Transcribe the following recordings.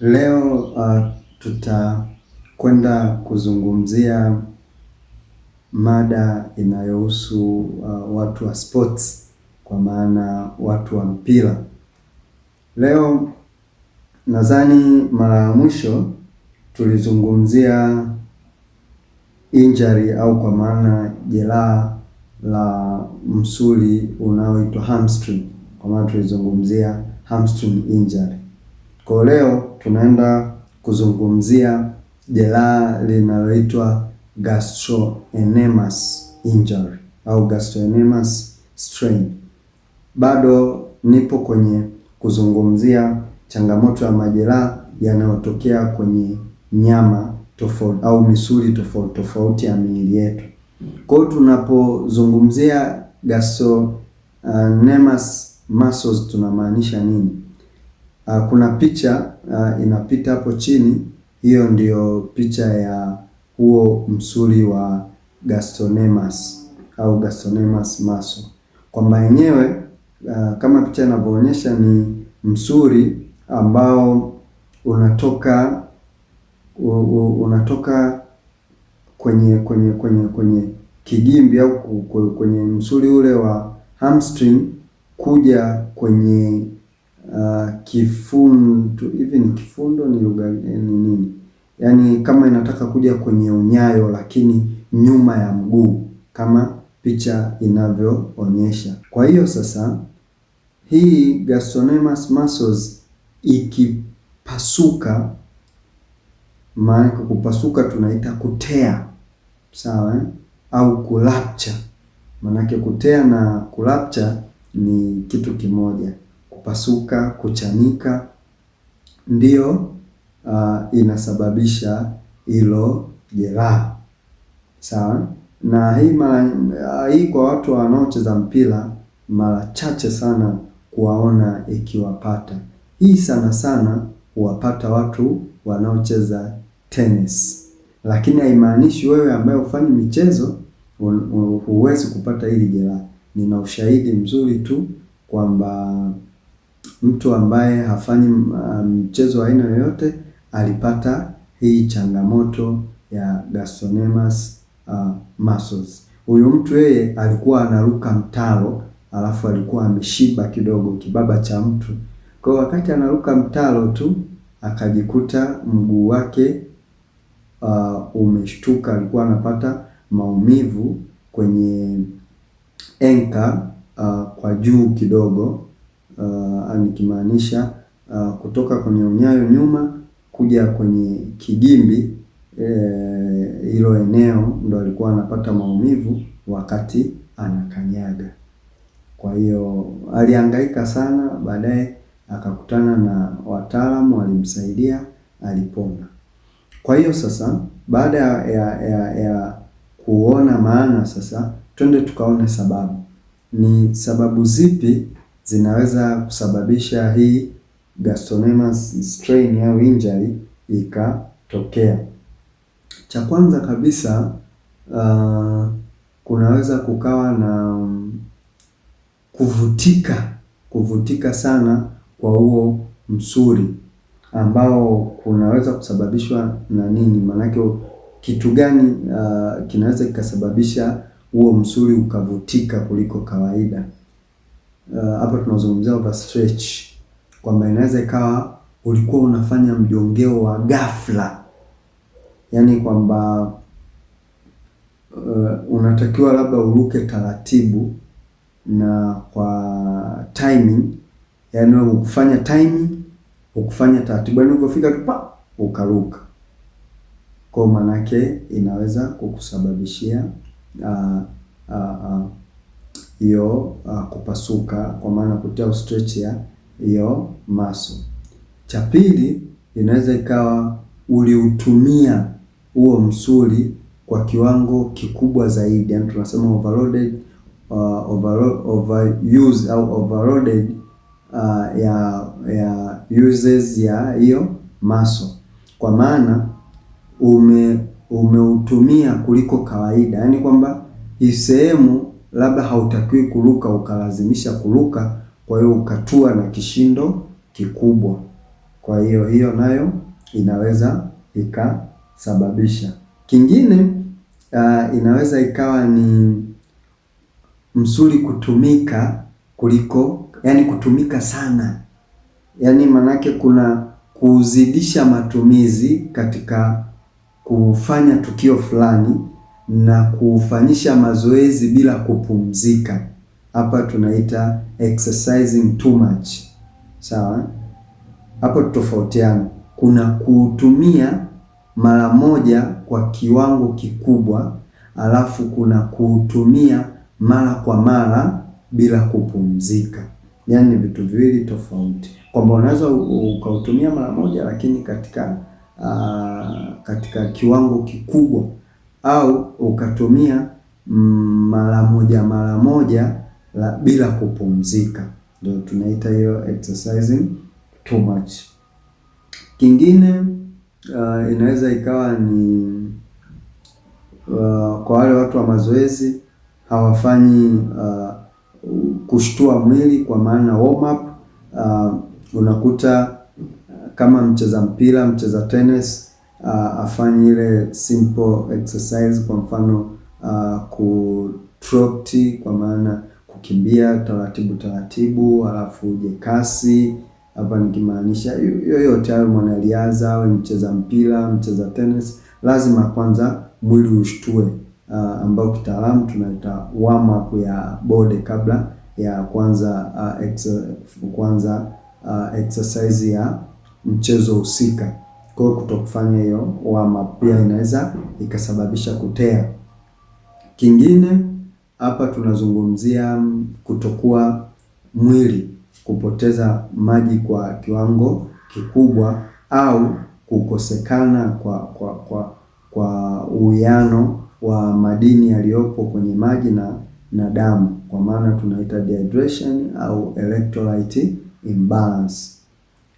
Leo uh, tutakwenda kuzungumzia mada inayohusu uh, watu wa sports kwa maana watu wa mpira. Leo nadhani mara ya mwisho tulizungumzia injury au kwa maana jeraha la msuli unaoitwa hamstring, kwa maana tulizungumzia hamstring injury kwa leo tunaenda kuzungumzia jeraha linaloitwa gastroenemas injury au gastroenemas strain. Bado nipo kwenye kuzungumzia changamoto ya majeraha yanayotokea kwenye nyama tofauti au misuli tofauti tofauti ya miili yetu. Kwa hiyo tunapozungumzia gastroenemas muscles tunamaanisha nini? Uh, kuna picha uh, inapita hapo chini, hiyo ndiyo picha ya huo msuli wa gastonemus au gastonemus muscle, kwamba yenyewe uh, kama picha inavyoonyesha ni msuli ambao unatoka u, u, unatoka kwenye kwenye kwenye kwenye kigimbi au kwenye msuli ule wa hamstring kuja kwenye Ah, kifundo hivi ni kifundo ni lugha eh, ni nini? Yaani kama inataka kuja kwenye unyayo lakini nyuma ya mguu kama picha inavyoonyesha. Kwa hiyo sasa hii gastrocnemius muscles ikipasuka, maana kupasuka tunaita kutea, sawa eh? au kulapcha, maanake kutea na kulapcha ni kitu kimoja kupasuka, kuchanika ndiyo uh, ah, inasababisha hilo jeraha. Sawa na hii mara hii kwa watu wanaocheza mpira mara chache sana kuwaona ikiwapata. Hii sana sana huwapata watu wanaocheza tennis, lakini haimaanishi wewe ambaye hufanyi michezo huwezi kupata hili jeraha. Nina ushahidi mzuri tu kwamba mtu ambaye hafanyi uh, mchezo um, wa aina yoyote alipata hii changamoto ya gastrocnemius uh, muscles. Huyu mtu yeye alikuwa anaruka mtaro, alafu alikuwa ameshiba kidogo kibaba cha mtu, kwa wakati anaruka mtaro tu akajikuta mguu wake uh, umeshtuka. Alikuwa anapata maumivu kwenye enka uh, kwa juu kidogo uh, nikimaanisha uh, kutoka kwenye unyayo nyuma kuja kwenye kigimbi eh, hilo e, eneo ndo alikuwa anapata maumivu wakati anakanyaga. Kwa hiyo alihangaika sana, baadaye akakutana na wataalamu walimsaidia, alipona. Kwa hiyo sasa, baada ya, ya, ya kuona maana, sasa twende tukaone sababu. Ni sababu zipi zinaweza kusababisha hii gastrocnemius strain au injury ikatokea. Cha kwanza kabisa uh, kunaweza kukawa na mm, kuvutika kuvutika sana kwa huo msuri ambao kunaweza kusababishwa na nini? Maanake kitu gani uh, kinaweza kikasababisha huo msuri ukavutika kuliko kawaida? Eh, hapa uh, tunazungumzia overstretch kwamba inaweza ikawa ulikuwa unafanya mjongeo wa ghafla, yaani kwamba uh, unatakiwa labda uruke taratibu na kwa timing, yaani ukufanya timing ukufanya taratibu, yaani ukofika tu pa ukaruka, kwa maanake inaweza kukusababishia uh, uh, uh, hiyo uh, kupasuka kwa maana kutia stretch ya hiyo maso. Cha pili inaweza ikawa uliutumia huo msuli kwa kiwango kikubwa zaidi, yani tunasema overloaded, uh, ah, overload, overuse au overloaded uh, ya ya uses ya hiyo maso, kwa maana ume umeutumia kuliko kawaida, yani kwamba hii sehemu labda hautakiwi kuruka ukalazimisha kuruka, kwa hiyo ukatua na kishindo kikubwa. Kwa hiyo hiyo nayo inaweza ikasababisha. Kingine uh, inaweza ikawa ni msuli kutumika kuliko, yani kutumika sana, yani manake kuna kuzidisha matumizi katika kufanya tukio fulani na kufanyisha mazoezi bila kupumzika, hapa tunaita exercising too much. Sawa, hapo tofautiana. Kuna kuutumia mara moja kwa kiwango kikubwa, alafu kuna kuutumia mara kwa mara bila kupumzika. Yaani ni vitu viwili tofauti, kwamba unaweza ukautumia mara moja, lakini katika aa, katika kiwango kikubwa au ukatumia mm, mara moja mara moja la, bila kupumzika, ndio tunaita hiyo exercising too much. Kingine uh, inaweza ikawa ni uh, kwa wale watu wa mazoezi hawafanyi uh, kushtua mwili kwa maana warm up uh, unakuta kama mcheza mpira, mcheza tennis uh, afanye ile simple exercise, kwa mfano uh, kutroti kwa maana kukimbia taratibu taratibu, halafu uje kasi hapa nikimaanisha yoyote awe mwanariadha awe mcheza mpira, mcheza tennis, lazima kwanza mwili ushtue, uh, ambao kitaalamu tunaita warm up ya bode kabla ya kwanza uh, ex kwanza uh, exercise ya mchezo husika. Kwa hiyo kutokufanya hiyo wama pia inaweza ikasababisha kutea. Kingine hapa tunazungumzia kutokuwa mwili kupoteza maji kwa kiwango kikubwa au kukosekana kwa kwa kwa kwa uwiano wa madini yaliyopo kwenye maji na na damu, kwa maana tunaita dehydration au electrolyte imbalance.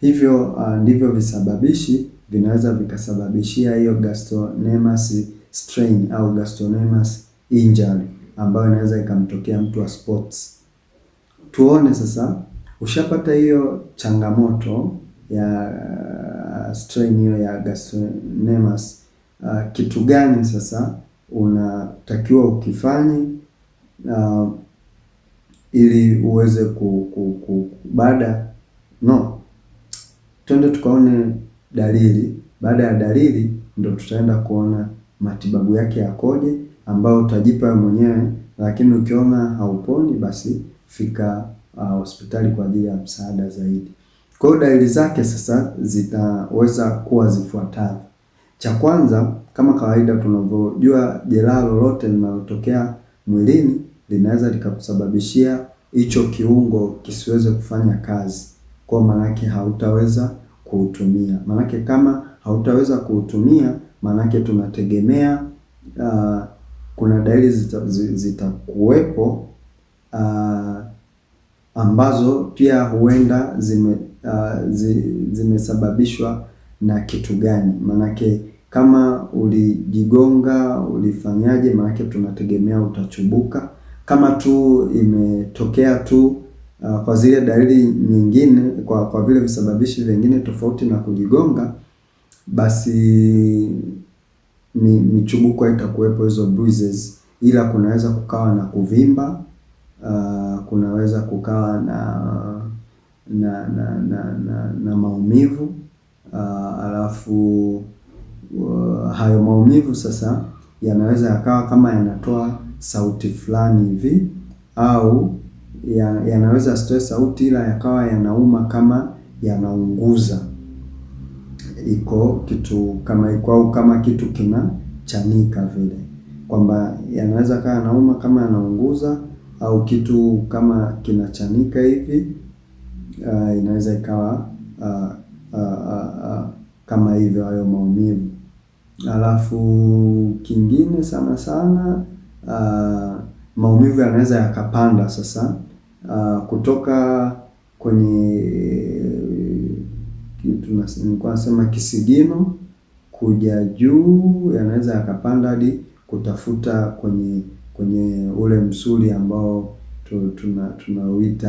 Hivyo ah, ndivyo visababishi vinaweza vikasababishia hiyo gastrocnemius strain au gastrocnemius injury ambayo inaweza ikamtokea mtu wa sports. Tuone sasa, ushapata hiyo changamoto ya uh, strain hiyo ya gastrocnemius uh, kitu gani sasa unatakiwa ukifanye uh, ili uweze ku, ku, ku, baada no, twende tukaone dalili. Baada ya dalili, ndo tutaenda kuona matibabu yake yakoje, ambayo utajipa mwenyewe, lakini ukiona hauponi, basi fika uh, hospitali uh, kwa ajili ya msaada zaidi. Kwa hiyo dalili zake sasa zitaweza kuwa zifuatavyo. Cha kwanza, kama kawaida tunavyojua, jeraha lolote linalotokea mwilini linaweza likakusababishia hicho kiungo kisiweze kufanya kazi, kwa maana yake hautaweza kuutumia. Maanake kama hautaweza kuutumia, maanake tunategemea uh, kuna dalili zitakuwepo zita uh, ambazo pia huenda zime uh, zi, zimesababishwa na kitu gani? Maanake kama ulijigonga, ulifanyaje? Maanake tunategemea utachubuka. Kama tu imetokea tu uh, kwa zile dalili nyingine, kwa kwa vile visababishi vingine tofauti na kujigonga, basi mi, michubuko hizo bruises, ila kunaweza kukawa na kuvimba uh, kunaweza kukawa na na na na, na, na maumivu uh, alafu uh, hayo maumivu sasa yanaweza yakawa kama yanatoa sauti fulani hivi au yanaweza ya sitoe sauti ila yakawa yanauma kama yanaunguza, iko kitu kama iko au kama kitu kina chanika vile, kwamba yanaweza kawa yanauma kama yanaunguza au kitu kama kinachanika hivi. Uh, inaweza ikawa uh, uh, uh, uh, kama hivyo hayo maumivu. Alafu kingine sana sana uh, maumivu yanaweza yakapanda sasa uh, kutoka kwenye nilikuwa nasema kisigino kuja juu, yanaweza yakapanda hadi kutafuta kwenye kwenye ule msuli ambao tunauita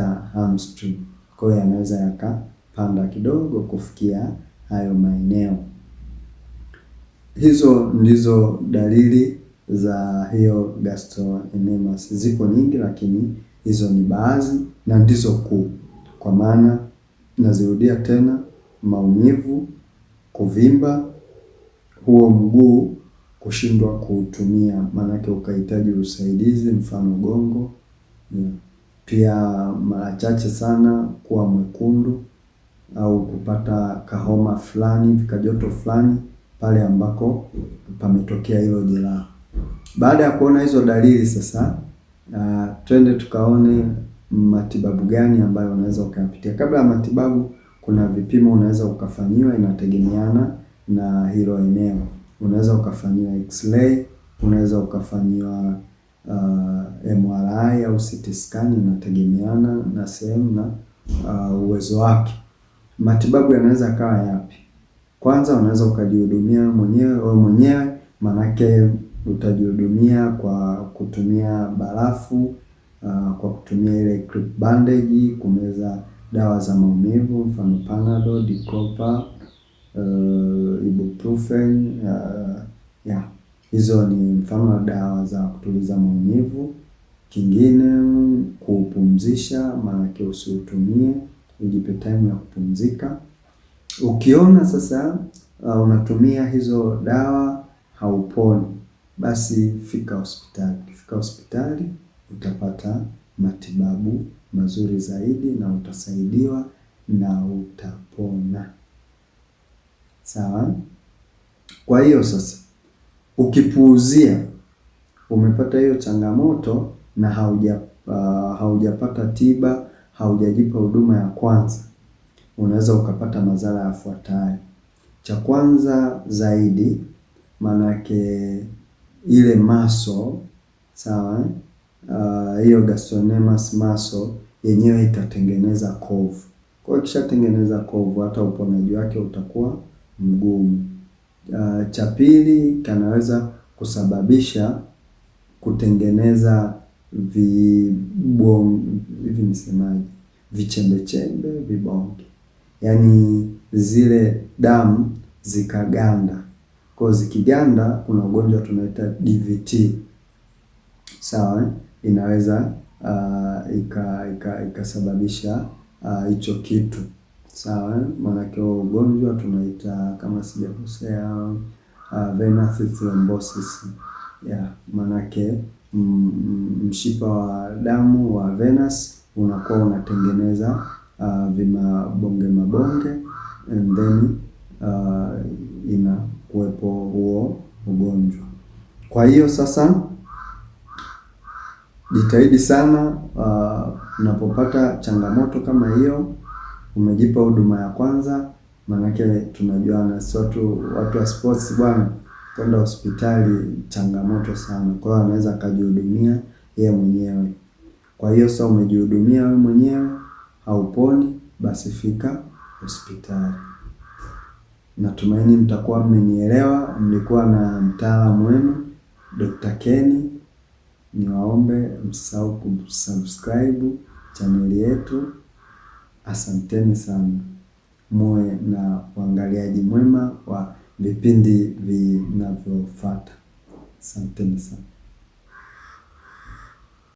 tuna hamstring. Kwa hiyo yanaweza yakapanda kidogo kufikia hayo maeneo. Hizo ndizo dalili za hiyo gastrocnemius, ziko nyingi lakini Hizo ni baadhi na ndizo kuu, kwa maana nazirudia tena: maumivu, kuvimba huo mguu, kushindwa kuutumia, maanake ukahitaji usaidizi, mfano gongo, yeah. Pia mara chache sana kuwa mwekundu au kupata kahoma fulani vikajoto fulani pale ambako pametokea hilo jeraha. Baada ya kuona hizo dalili sasa na twende tukaone matibabu gani ambayo unaweza ukayapitia. Kabla ya matibabu, kuna vipimo unaweza ukafanyiwa, inategemeana na hilo eneo. Unaweza ukafanyiwa x-ray, unaweza ukafanyiwa uh, MRI au CT scan, inategemeana na sehemu na uh, uwezo wake. Matibabu yanaweza kawa yapi? Kwanza unaweza ukajihudumia mwenyewe wewe mwenyewe, manake utajihudumia kwa kutumia barafu, uh, kwa kutumia ile clip bandage, kumeza dawa za maumivu mfano Panadol, dicopa, uh, Ibuprofen uh, yeah. Hizo ni mfano wa dawa za kutuliza maumivu. Kingine kupumzisha, maanake usiutumie, ujipe time ya kupumzika. Ukiona sasa uh, unatumia hizo dawa hauponi basi fika hospitali. Ukifika hospitali utapata matibabu mazuri zaidi na utasaidiwa na utapona. Sawa. Kwa hiyo sasa, ukipuuzia umepata hiyo changamoto na hauja uh, haujapata tiba, haujajipa huduma ya kwanza, unaweza ukapata madhara yafuatayo. Cha kwanza zaidi, maanake ile maso sawa, eh, hiyo uh, gastrocnemius maso yenyewe itatengeneza kovu. Kwa hiyo ikishatengeneza kovu, hata uponaji wake utakuwa mgumu. Uh, cha pili kanaweza kusababisha kutengeneza hivi nisemaje, vichembechembe, vibonge, yaani zile damu zikaganda Kozi kiganda kuna ugonjwa tunaita DVT. Sawa, eh? Inaweza uh, ah, ikasababisha ika, ika ah, hicho uh, kitu sawa, eh? Maanake huo ugonjwa tunaita kama sijakosea uh, venous thrombosis. Yeah, maanake mm, mm, mshipa wa damu wa venous unakuwa unatengeneza uh, vimabonge mabonge and then uh, ina kwa hiyo sasa jitahidi sana uh, unapopata uh, changamoto kama hiyo, umejipa huduma ya kwanza, maanake tunajua si watu watu wa sports bwana, kwenda hospitali changamoto sana. Kwa hiyo anaweza akajihudumia yeye mwenyewe. Kwa hiyo sasa umejihudumia wewe mwenyewe, hauponi basi fika hospitali. Natumaini mtakuwa mmenielewa. Mlikuwa na mtaalamu wenu. Dr. Ken, niwaombe msahau kusubscribe chaneli yetu. Asanteni sana, muwe na uangaliaji mwema wa vipindi vinavyofuata. Asanteni sana.